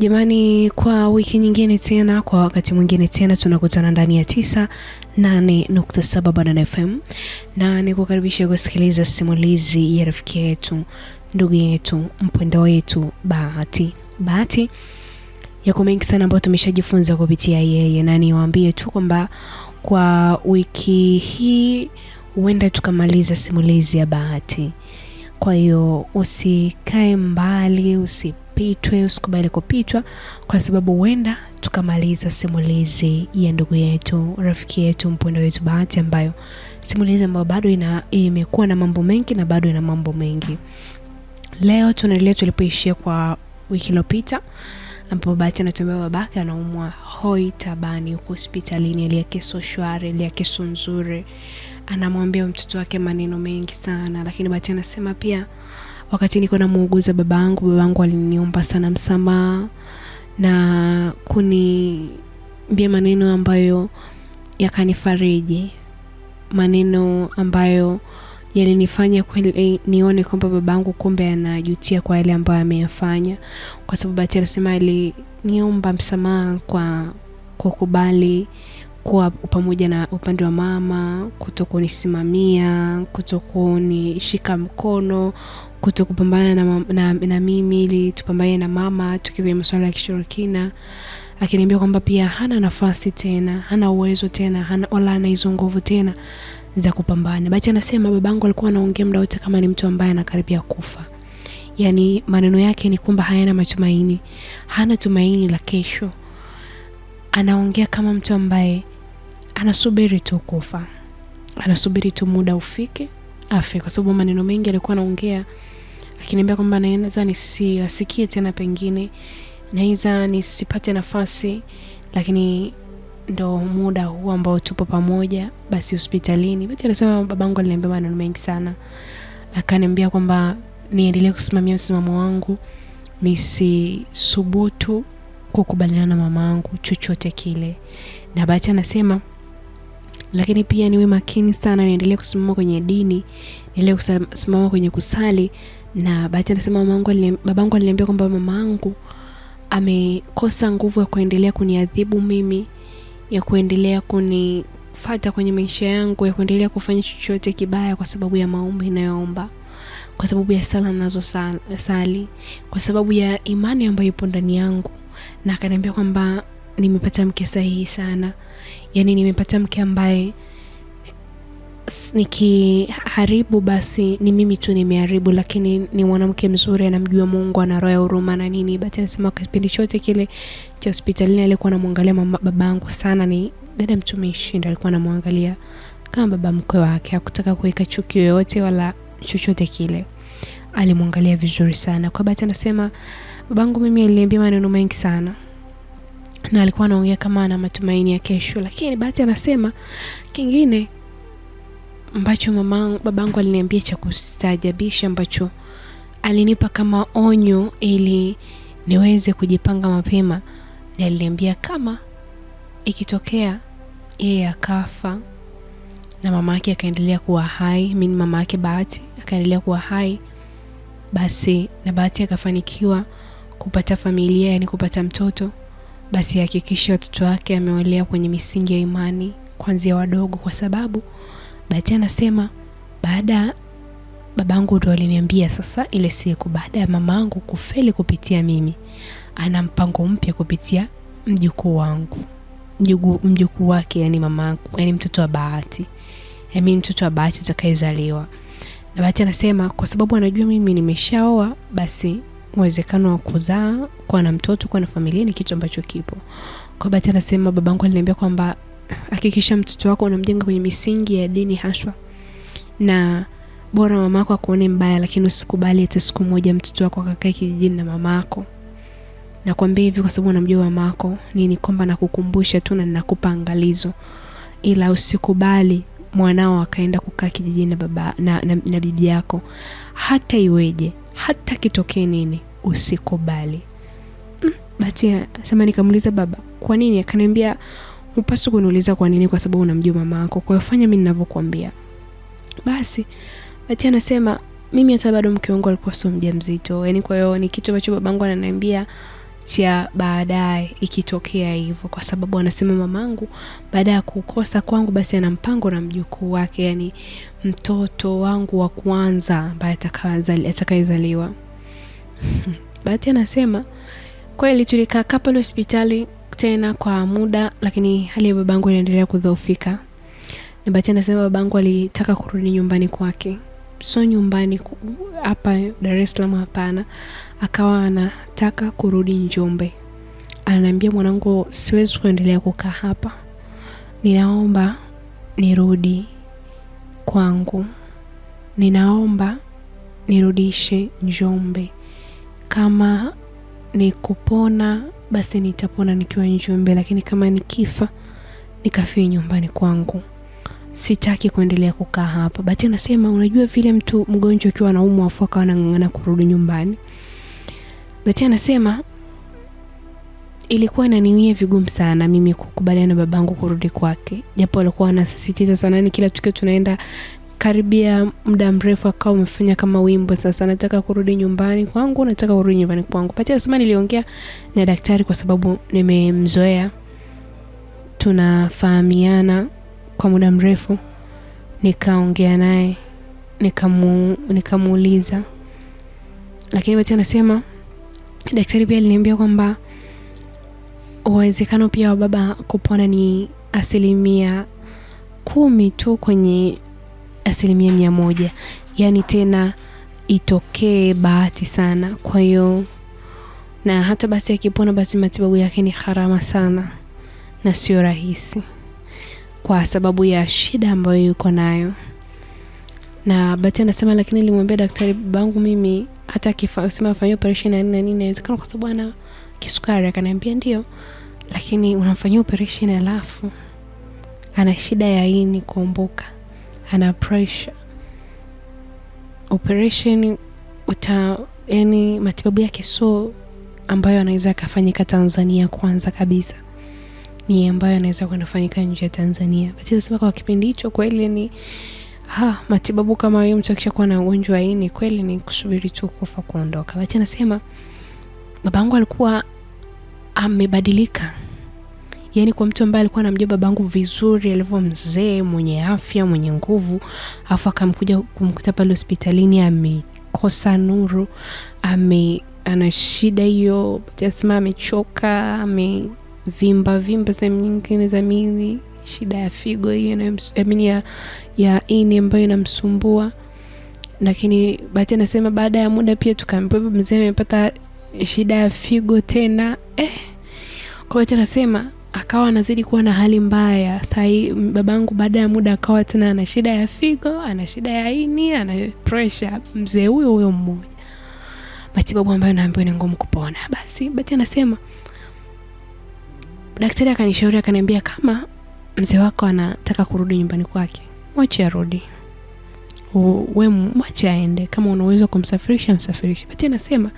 Jamani, kwa wiki nyingine tena, kwa wakati mwingine tena, tunakutana ndani ya 98.7 Banana FM na nikukaribisha kusikiliza simulizi ya rafiki yetu, ndugu yetu, mpendo wetu Bahati. Bahati, yako mengi sana ambayo tumeshajifunza kupitia yeye, na niwaambie tu kwamba kwa wiki hii huenda tukamaliza simulizi ya Bahati. Kwa hiyo usikae mbali, usi usipitwe, usikubali kupitwa, kwa sababu huenda tukamaliza simulizi ya ndugu yetu, rafiki yetu, mpendo wetu Bahati, ambayo simulizi ambayo bado ina imekuwa na mambo mengi na bado ina mambo mengi. Leo tunaendelea tulipoishia kwa wiki iliyopita ambapo Bahati anatuambia babake anaumwa hoi tabani huko hospitalini, aliakeso shwari, aliakeso nzuri, anamwambia mtoto wake maneno mengi sana, lakini Bahati anasema pia wakati niko na yangu babangu, babangu aliniomba sana msamaha na kunimbia maneno ambayo yakanifariji, maneno ambayo yalinifanya kweli eh, nione kwamba babangu kumbe anajutia kwa yale ambayo ameyafanya, kwa sababu ati anasema aliniomba msamaha kwa kukubali kuwa pamoja na upande wa mama, kutokunisimamia, kutokunishika mkono, kutokupambana na, na, na mimi ili tupambane na mama tukiwa kwenye masuala ya kishirikina. Akiniambia kwamba pia hana nafasi tena, hana uwezo tena, hana wala hana hizo nguvu tena za kupambana. Bahati anasema babangu alikuwa anaongea muda wote kama ni mtu ambaye anakaribia kufa. Yaani maneno yake ni kwamba hayana matumaini, hana tumaini la kesho. Anaongea kama mtu ambaye anasubiri tu kufa, anasubiri tu muda ufike afe, kwa sababu maneno mengi alikuwa anaongea akiniambia kwamba naweza nisiwasikie tena, pengine naweza nisipate nafasi, lakini ndo muda huu ambao tupo pamoja basi hospitalini. bati anasema babangu aliniambia maneno mengi sana, akaniambia kwamba niendelee kusimamia msimamo wangu, nisisubutu kukubaliana na mama angu chochote kile, na bahati anasema lakini pia niwe makini sana, niendelee kusimama kwenye dini, niendelee kusimama kwenye kusali. Na bahati anasema babangu aliniambia kwamba mamaangu amekosa nguvu ya kuendelea kuniadhibu mimi, ya kuendelea kunifata kwenye maisha yangu, ya kuendelea kufanya chochote kibaya, kwa sababu ya maombi inayoomba, kwa sababu ya sala sali, kwa sababu ya imani ambayo ipo ndani yangu, na akaniambia kwamba nimepata mke sahihi sana yani nimepata mke ambaye nikiharibu basi ni mimi tu nimeharibu, lakini ni mwanamke mzuri, anamjua Mungu, ana roho ya huruma na nini. Bahati anasema kipindi chote kile cha hospitalini alikuwa anamwangalia mama babangu sana, ni dada mtumishi ndiye alikuwa anamwangalia kama baba mkwe wake, hakutaka kuweka chuki yoyote wala chochote kile, alimwangalia vizuri sana. Kwa Bahati anasema babangu mimi aliniambia maneno mengi sana na alikuwa anaongea kama ana matumaini ya kesho, lakini Bahati anasema kingine ambacho mama babangu aliniambia cha kustaajabisha ambacho alinipa kama onyo ili niweze kujipanga mapema, na aliniambia kama ikitokea yeye akafa na mama yake akaendelea kuwa hai, mimi mama yake Bahati akaendelea kuwa hai, basi na Bahati akafanikiwa kupata familia, yani kupata mtoto basi hakikisha watoto wake ameolea kwenye misingi ya imani kuanzia wadogo, kwa sababu Bahati anasema baada babangu ndo aliniambia sasa, ile siku baada ya mamangu kufeli kupitia mimi, ana mpango mpya kupitia mjukuu wangu, mjukuu wake, yani mamaangu yani mtoto wa Bahati, yani mtoto wa Bahati atakayezaliwa. Na Bahati anasema kwa sababu anajua mimi nimeshaoa, basi uwezekano wa kuzaa, kuwa na mtoto, kuwa na familia ni kitu ambacho kipo. Kwa bahati anasema babangu aliniambia kwamba hakikisha mtoto wako unamjenga kwenye misingi ya dini haswa, na bora mamako akuone mbaya, lakini usikubali hata siku moja mtoto wako akakae kijijini na mamako. Nakwambia hivi kwa sababu unamjua mamako. Nini? Kwamba nakukumbusha tu na ninakupa angalizo, ila usikubali mwanao akaenda kukaa kijijini na baba na, na, na bibi yako hata iweje hata kitokee nini usikubali. Mm, sema nikamuuliza baba, kwa nini? Akaniambia upaswi kuniuliza kwa nini, kwa sababu unamjua mama yako, kwa hiyo fanya mimi ninavyokuambia. Basi bati anasema mimi hata bado mke wangu alikuwa sio mjamzito, yaani kwa hiyo ni kitu ambacho babangu ananiambia cha baadaye ikitokea hivyo, kwa sababu anasema mamangu baada ya kukosa kwangu, basi ana mpango na mjukuu wake, yani mtoto wangu wa kwanza ambaye atakayezaliwa. Bahati anasema kweli tulikaa pale hospitali tena kwa muda, lakini hali ya babangu inaendelea kudhoofika, na Bahati anasema babangu alitaka kurudi nyumbani kwake, so nyumbani hapa Dar es Salaam, hapana akawa anataka kurudi Njombe. Ananiambia, mwanangu, siwezi kuendelea kukaa hapa, ninaomba nirudi kwangu, ninaomba nirudishe Njombe. Kama ni kupona basi nitapona nikiwa Njombe, lakini kama nikifa nikafie nyumbani kwangu, sitaki kuendelea kukaa hapa. bati anasema, unajua vile mtu mgonjwa akiwa anaumwa afu akawa anang'ang'ana kurudi nyumbani Bati anasema ilikuwa inaniwia vigumu sana mimi kukubaliana na babangu kurudi kwake, japo alikuwa anasisitiza sana, ni kila tukio tunaenda karibia muda mrefu akawa umefanya kama wimbo sasa, nataka kurudi nyumbani kwangu, nataka kurudi nyumbani kwangu. Pati anasema niliongea na daktari kwa sababu nimemzoea, tunafahamiana kwa muda mrefu, nikaongea naye nikamu nikamuuliza, lakini Pati anasema Daktari pia aliniambia kwamba uwezekano pia wa baba kupona ni asilimia kumi tu kwenye asilimia mia moja, yaani tena itokee bahati sana. Kwa hiyo na hata basi akipona, basi matibabu yake ni gharama sana na sio rahisi, kwa sababu ya shida ambayo yuko nayo na bati anasema lakini nilimwambia daktari babangu mimi hata akisema afanyia operation ya nini na nini inawezekana kwa sababu ana kisukari. Akaniambia ndio, lakini unamfanyia operation alafu ana shida ya ini kuumbuka ana pressure operation uta yani matibabu yake so ambayo anaweza akafanyika Tanzania. Kwanza kabisa ni ambayo anaweza kwenda kufanyika nje ya Tanzania. Bahati anasema kwa kipindi hicho kweli ni Ha, matibabu kama hiyo, mtu akishakuwa na ugonjwa ini kweli ni kusubiri tu kufa kuondoka. Bahati anasema babangu alikuwa amebadilika, yaani kwa mtu ambaye alikuwa anamjua babangu vizuri alivyo mzee mwenye afya mwenye nguvu, afu akamkuja kumkuta pale hospitalini amekosa nuru, ame ana shida hiyo, anasema amechoka, amevimba vimba sehemu nyingine za mili, shida ya figo hiyo ya ya ini ambayo inamsumbua, lakini Bahati anasema baada ya muda pia tukaambiwa mzee amepata shida ya figo tena eh. Kwa Bahati anasema akawa anazidi kuwa na hali mbaya. Saa babangu baada ya muda akawa tena ana shida ya figo, ana shida ya ini, ana pressure. Mzee huyo huyo mmoja, matibabu ambayo naambiwa ni ngumu kupona. Basi Bahati anasema daktari akanishauri akaniambia, kama mzee wako anataka kurudi nyumbani kwake, mwache arudi, we mwache aende, kama unaweza kumsafirisha msafirishe. Bati anasema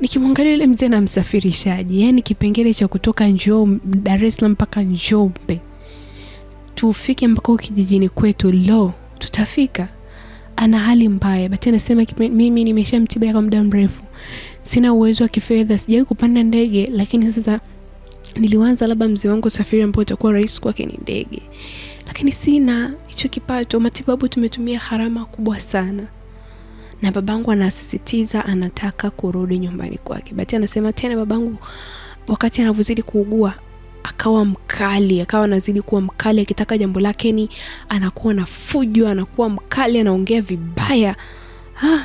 nikimwangalia yule mzee na msafirishaji yaani kipengele cha kutoka njoo Dar es mpaka Njombe tufike mpaka kijijini kwetu, lo, tutafika? Ana hali mbaya. Bati anasema mimi nimeshamtibia kwa muda mrefu, sina uwezo wa kifedha, sijawai kupanda ndege, lakini sasa niliwanza labda mzee wangu usafiri ambao utakuwa rahisi kwake ni ndege, lakini sina hicho kipato, matibabu tumetumia gharama kubwa sana. Na babangu anasisitiza anataka kurudi nyumbani kwake. Bahati anasema tena babangu wakati anavyozidi kuugua akawa mkali, akawa anazidi kuwa mkali, akitaka jambo lake ni anakuwa na fujo, anakuwa mkali, anaongea vibaya. Ah,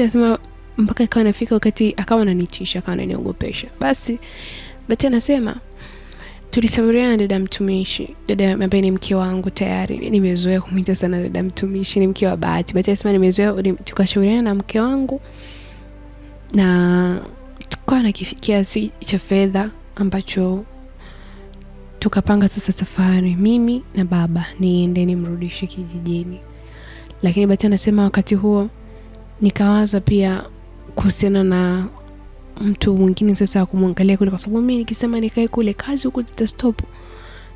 anasema mpaka ikawa nafika wakati akawa ananitisha, akawa ananiogopesha. Basi Bahati anasema Tulishauriana dada mtumishi, dada ambaye ni mke wangu tayari. Nimezoea kumwita sana dada mtumishi, ni mke wa Bahati. Bahati anasema nimezoea. Tukashauriana na mke wangu na tukawa na kiasi cha fedha ambacho tukapanga sasa safari, mimi na baba niende nimrudishe kijijini. Lakini Bahati anasema wakati huo nikawaza pia kuhusiana na mtu mwingine sasa kumwangalia kule, kwa sababu mimi nikisema nikae kule kazi huko zitastop,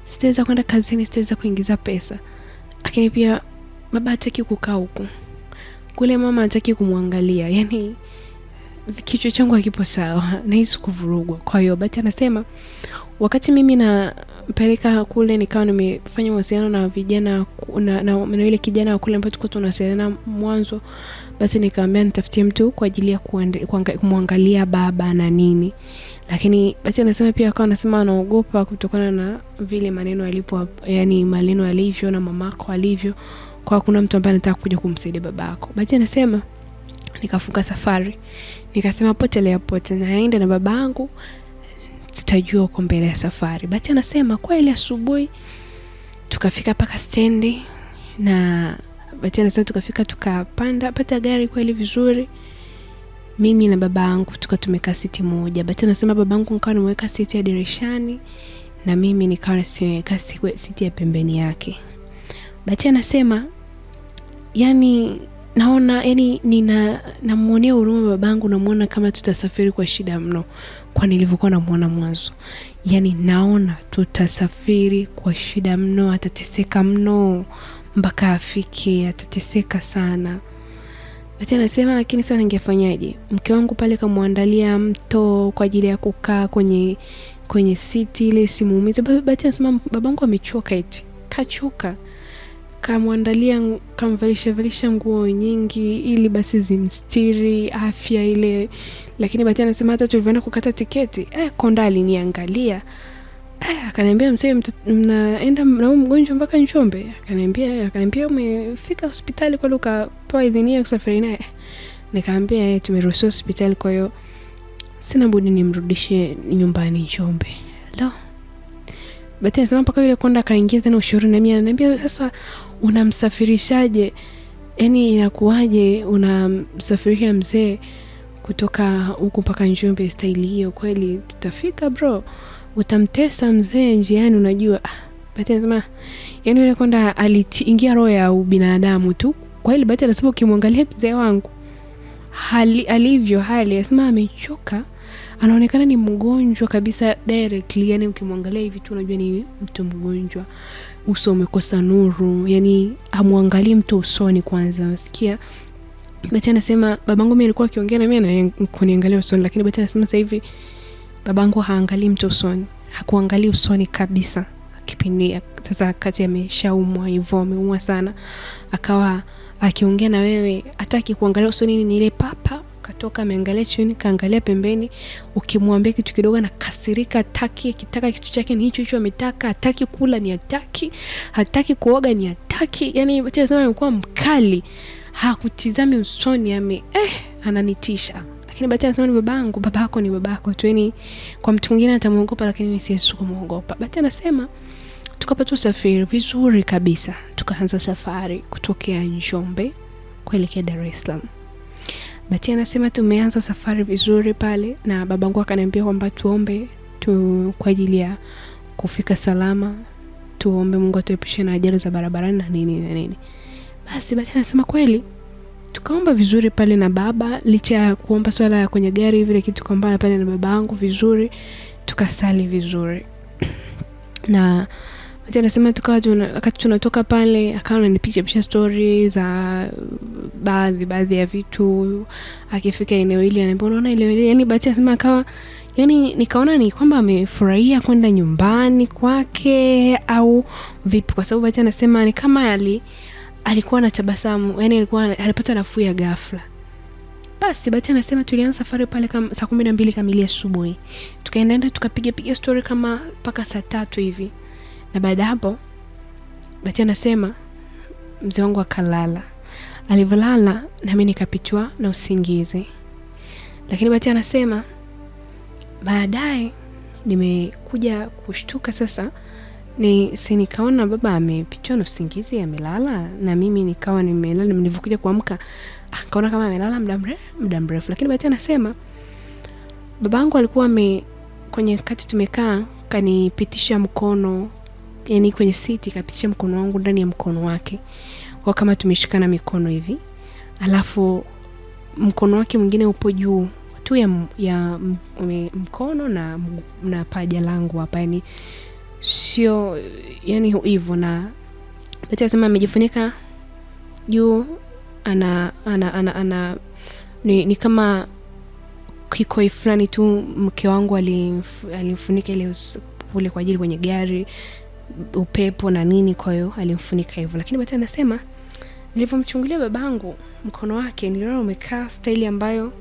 sitaweza kwenda kazini, sitaweza kuingiza pesa. Lakini pia baba hataki kukaa huku, kule mama hataki kumwangalia, yani kichwa changu hakipo sawa, nahisi kuvurugwa. Kwa hiyo bati anasema wakati mimi napeleka kule, nikawa nimefanya mahusiano na vijana na, na, na, na yule kijana wa kule ambao tulikuwa tunawasiliana mwanzo basi nikamwambia nitafutie mtu kwa ajili ya kumwangalia baba na nini, lakini basi anasema pia akawa anasema anaogopa kutokana na vile maneno yalipo, yani maneno yalivyo na mamako alivyo, kwa kuna mtu ambaye anataka kuja kumsaidia babako. Basi anasema nikafunga safari, nikasema pote leo pote naenda na babangu, tutajua uko mbele ya safari. Basi anasema kweli, asubuhi tukafika mpaka stendi na Bahati tukafika tukapanda pata gari kweli vizuri, mimi na baba yangu tukawa tumekaa siti moja. Bahati anasema baba yangu nikawa nimeweka siti ya dirishani na mimi nikawa nimeweka siti ya pembeni yake. Bahati anasema yani naona yani nina namuonea huruma babangu, namuona kama tutasafiri kwa shida mno kwa nilivyokuwa namuona mwanzo. Yani naona tutasafiri kwa shida mno, atateseka mno mpaka afike, atateseka sana. Bati anasema lakini sasa ningefanyaje? Mke wangu pale kamwandalia mto kwa ajili ya kukaa kwenye kwenye siti ile simuumize. Bati anasema babangu amechoka, eti kachoka, kamwandalia kamvalisha valisha nguo nyingi ili basi zimstiri afya ile, lakini Bati anasema hata tulivyoenda kukata tiketi eh, konda aliniangalia Akaniambia mzee, mnaenda na huyu mgonjwa mpaka Njombe? Akaniambia, akaniambia umefika hospitali kwani ukapewa idhini ya kusafiri naye? Nikaambia eh, tumeruhusiwa hospitali, kwa hiyo sina budi nimrudishe nyumbani Njombe. Lo, bati anasema mpaka yule konda akaingia tena ushauri, mimi ananiambia sasa, unamsafirishaje? Yaani inakuwaje unamsafirisha mzee kutoka huku mpaka Njombe staili hiyo? Kweli tutafika bro? utamtesa mzee njiani, unajua ah, bati anasema yani yule konda aliingia roho ya ubinadamu tu. Kwa hiyo bati anasema ukimwangalia mzee wangu hali, alivyo hali anasema amechoka, anaonekana ni mgonjwa kabisa directly, yani ukimwangalia hivi tu unajua ni mtu mgonjwa, uso umekosa nuru, yani amwangalie mtu usoni kwanza, unasikia bati anasema babangu mimi alikuwa akiongea na mimi na kuniangalia usoni, lakini bati anasema sasa hivi Babangu haangalii mtu usoni, hakuangalii usoni kabisa kipindi sasa, kati ameshaumwa hivyo, ameumwa sana, akawa akiongea na wewe hataki kuangalia usoni, ni ile papa katoka ameangalia chini, kaangalia pembeni. Ukimwambia kitu kidogo nakasirika ataki Akitaka kitu chake ni hicho hicho ametaka, hataki kula ni hataki, hataki kuoga ni hataki. Yani tena amekuwa mkali, hakutizami usoni, ame eh, ananitisha lakini bahati anasema ni babangu. Babako ni babako tu, yani kwa mtu mwingine atamuogopa, lakini mimi siwezi kumuogopa. Bahati anasema tukapata usafiri vizuri kabisa, tukaanza safari kutokea Njombe kuelekea Dar es Salaam. Bahati anasema tumeanza safari vizuri pale, na babangu akaniambia kwamba tuombe tu kwa ajili ya kufika salama, tuombe Mungu atuepushe na ajali za barabarani na nini na nini. Basi Bahati anasema kweli tukaomba vizuri pale na baba, licha ya kuomba swala ya kwenye gari vile kitu, tukaomba pale na baba yangu vizuri, tukasali vizuri na Mati anasema tukawa wakati tunatoka pale, akawa ananipiga picha stori za baadhi baadhi ya vitu. Akifika eneo hili ananiambia unaona ile ile, yani bati anasema akawa yani, nikaona ni kwamba amefurahia kwenda nyumbani kwake au vipi, kwa sababu bati anasema ni kama ali alikuwa tabasamu yani alikuwa alipata nafuu ya ghafla. Basi bati anasema tulianza safari pale kama saa kumi na mbili kamili asubuhi, tukaendaenda tukapiga piga story kama mpaka saa tatu hivi, na baada hapo bati anasema mzee wangu akalala. Alivyolala nami nikapitwa na usingizi, lakini bati anasema baadaye nimekuja kushtuka sasa ni si nikaona baba amepichwa na usingizi amelala, na mimi nikawa nimelala. Nilivyokuja kuamka akaona ah, kama amelala muda mrefu muda mrefu, lakini bahati anasema babangu alikuwa ame kwenye kati tumekaa kanipitisha mkono yani kwenye siti kapitisha mkono wangu ndani ya mkono wake, kwa kama tumeshikana mikono hivi, alafu mkono wake mwingine upo juu tu ya, ya mkono na, na paja langu hapa yani sio yani hivyo, na Betty akasema amejifunika juu ana, ana, ana, ana ni, ni kama kikoi fulani tu mke wangu alimfunika ile kule kwa ajili kwenye gari upepo na nini, kwa hiyo alimfunika hivyo. Lakini bati anasema nilivyomchungulia babangu mkono wake niliona umekaa staili ambayo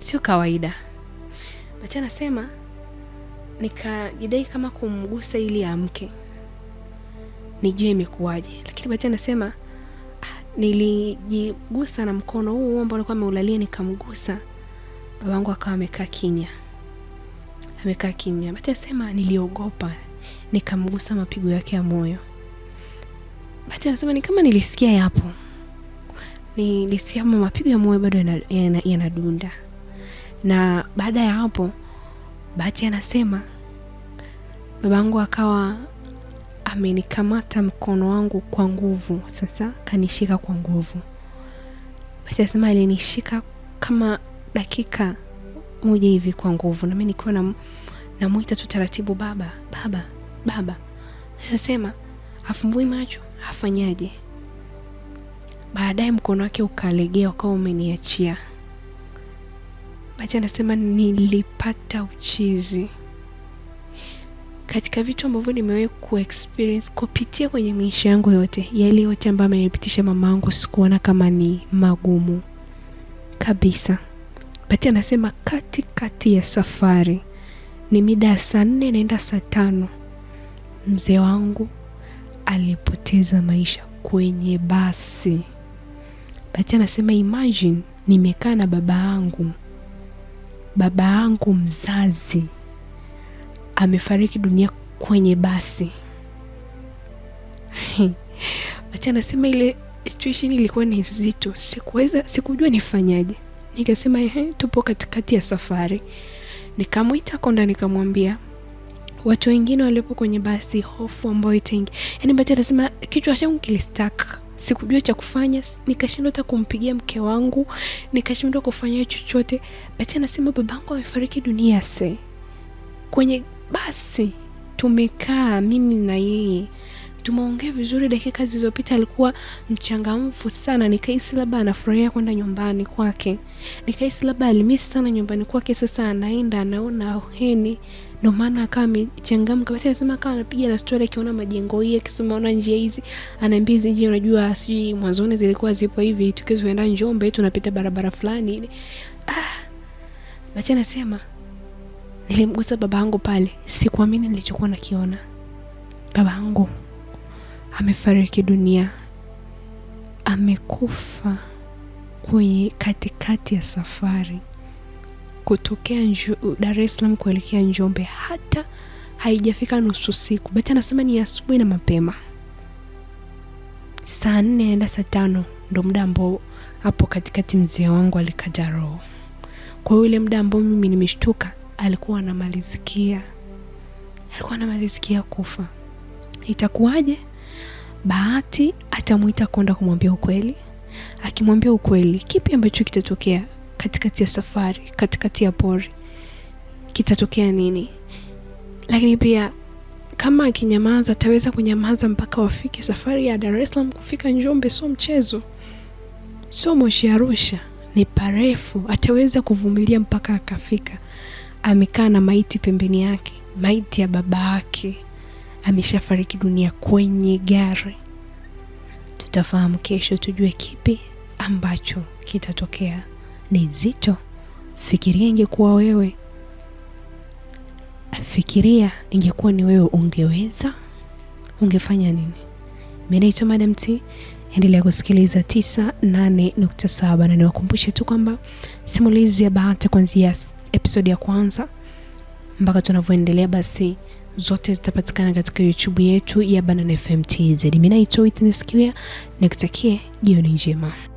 sio kawaida. bati anasema nikajidai kama kumgusa ili amke nijue imekuwaje, lakini Bahati anasema ah, nilijigusa na mkono huu ambao alikuwa ameulalia, nikamgusa. Babangu akawa amekaa kimya, amekaa kimya. Bahati anasema niliogopa, nikamgusa mapigo yake ya moyo. Bahati anasema ni kama nilisikia yapo, nilisikia mapigo ya moyo bado yanadunda, yana, yana na baada ya hapo Bahati anasema babangu akawa amenikamata mkono wangu kwa nguvu, sasa kanishika kwa nguvu. Basi anasema alinishika kama dakika moja hivi kwa nguvu, nami nikiwa na namwita tu taratibu, baba baba baba. sema afumbui macho, afanyaje Baadaye mkono wake ukalegea, ukawa umeniachia. Bahati anasema nilipata uchizi katika vitu ambavyo nimewahi ku experience kupitia kwenye maisha yangu yote, yale yote ambayo amenipitisha mama yangu, sikuona kama ni magumu kabisa. bati anasema katikati kati ya safari ni mida ya saa nne naenda saa tano mzee wangu alipoteza maisha kwenye basi. bati anasema imagine, nimekaa na baba yangu baba yangu mzazi amefariki dunia kwenye basi. Acha anasema ile situation ilikuwa ni nzito, sikuweza, sikujua nifanyaje. Nikasema ehe, tupo katikati ya safari, nikamwita konda, nikamwambia watu wengine waliopo kwenye basi, hofu ambayo itaingia, yaani Bacha anasema kichwa changu kilistaka sikujua cha kufanya, nikashindwa hata kumpigia mke wangu, nikashindwa kufanya chochote. basi anasema babangu amefariki dunia se kwenye basi. Tumekaa mimi na yeye tumeongea vizuri, dakika zilizopita alikuwa mchangamfu sana, nikahisi labda anafurahia kwenda nyumbani kwake, nikahisi labda alimisi sana nyumbani kwake. Sasa anaenda anaona heni ndio maana akawa amechangamka, basi anasema akawa anapiga na stori, akiona majengo hii, akisema ona njia hizi, anaambia hizi njia, unajua sijui mwanzoni zilikuwa zipo hivi, tukiwa tunaenda Njombe tunapita barabara fulani ile. Ah, basi anasema nilimgusa baba yangu pale, sikuamini nilichokuwa nakiona. Baba yangu amefariki dunia, amekufa kwenye katikati ya safari kutokea Dar es Salaam kuelekea Njombe, hata haijafika nusu siku, bati anasema ni asubuhi na mapema, saa nne naenda saa tano ndo muda ambao hapo katikati mzee wangu alikaja roho. Kwa hiyo ile muda ambao mimi nimeshtuka, alikuwa anamalizikia alikuwa anamalizikia kufa. Itakuwaje? Bahati atamwita kwenda kumwambia ukweli. Akimwambia ukweli, kipi ambacho kitatokea? katikati ya safari, katikati ya pori, kitatokea nini? Lakini pia kama akinyamaza, ataweza kunyamaza mpaka wafike. Safari ya Dar es Salaam kufika Njombe sio mchezo, sio Moshi Arusha, ni parefu. Ataweza kuvumilia mpaka akafika. Amekaa na maiti pembeni yake, maiti ya baba yake ameshafariki dunia kwenye gari. Tutafahamu kesho, tujue kipi ambacho kitatokea ni nzito. Fikiria ingekuwa wewe, fikiria ingekuwa ni wewe, ungeweza ungefanya nini? Mi naitwa Madam T, endelea kusikiliza 98.7 na niwakumbushe tu kwamba simulizi ya bahati kuanzia episodi ya kwanza mpaka tunavyoendelea basi zote zitapatikana katika YouTube yetu ya Banana FM TZ. Mimi naitwa Witness Kiwia, nikutakie jioni njema.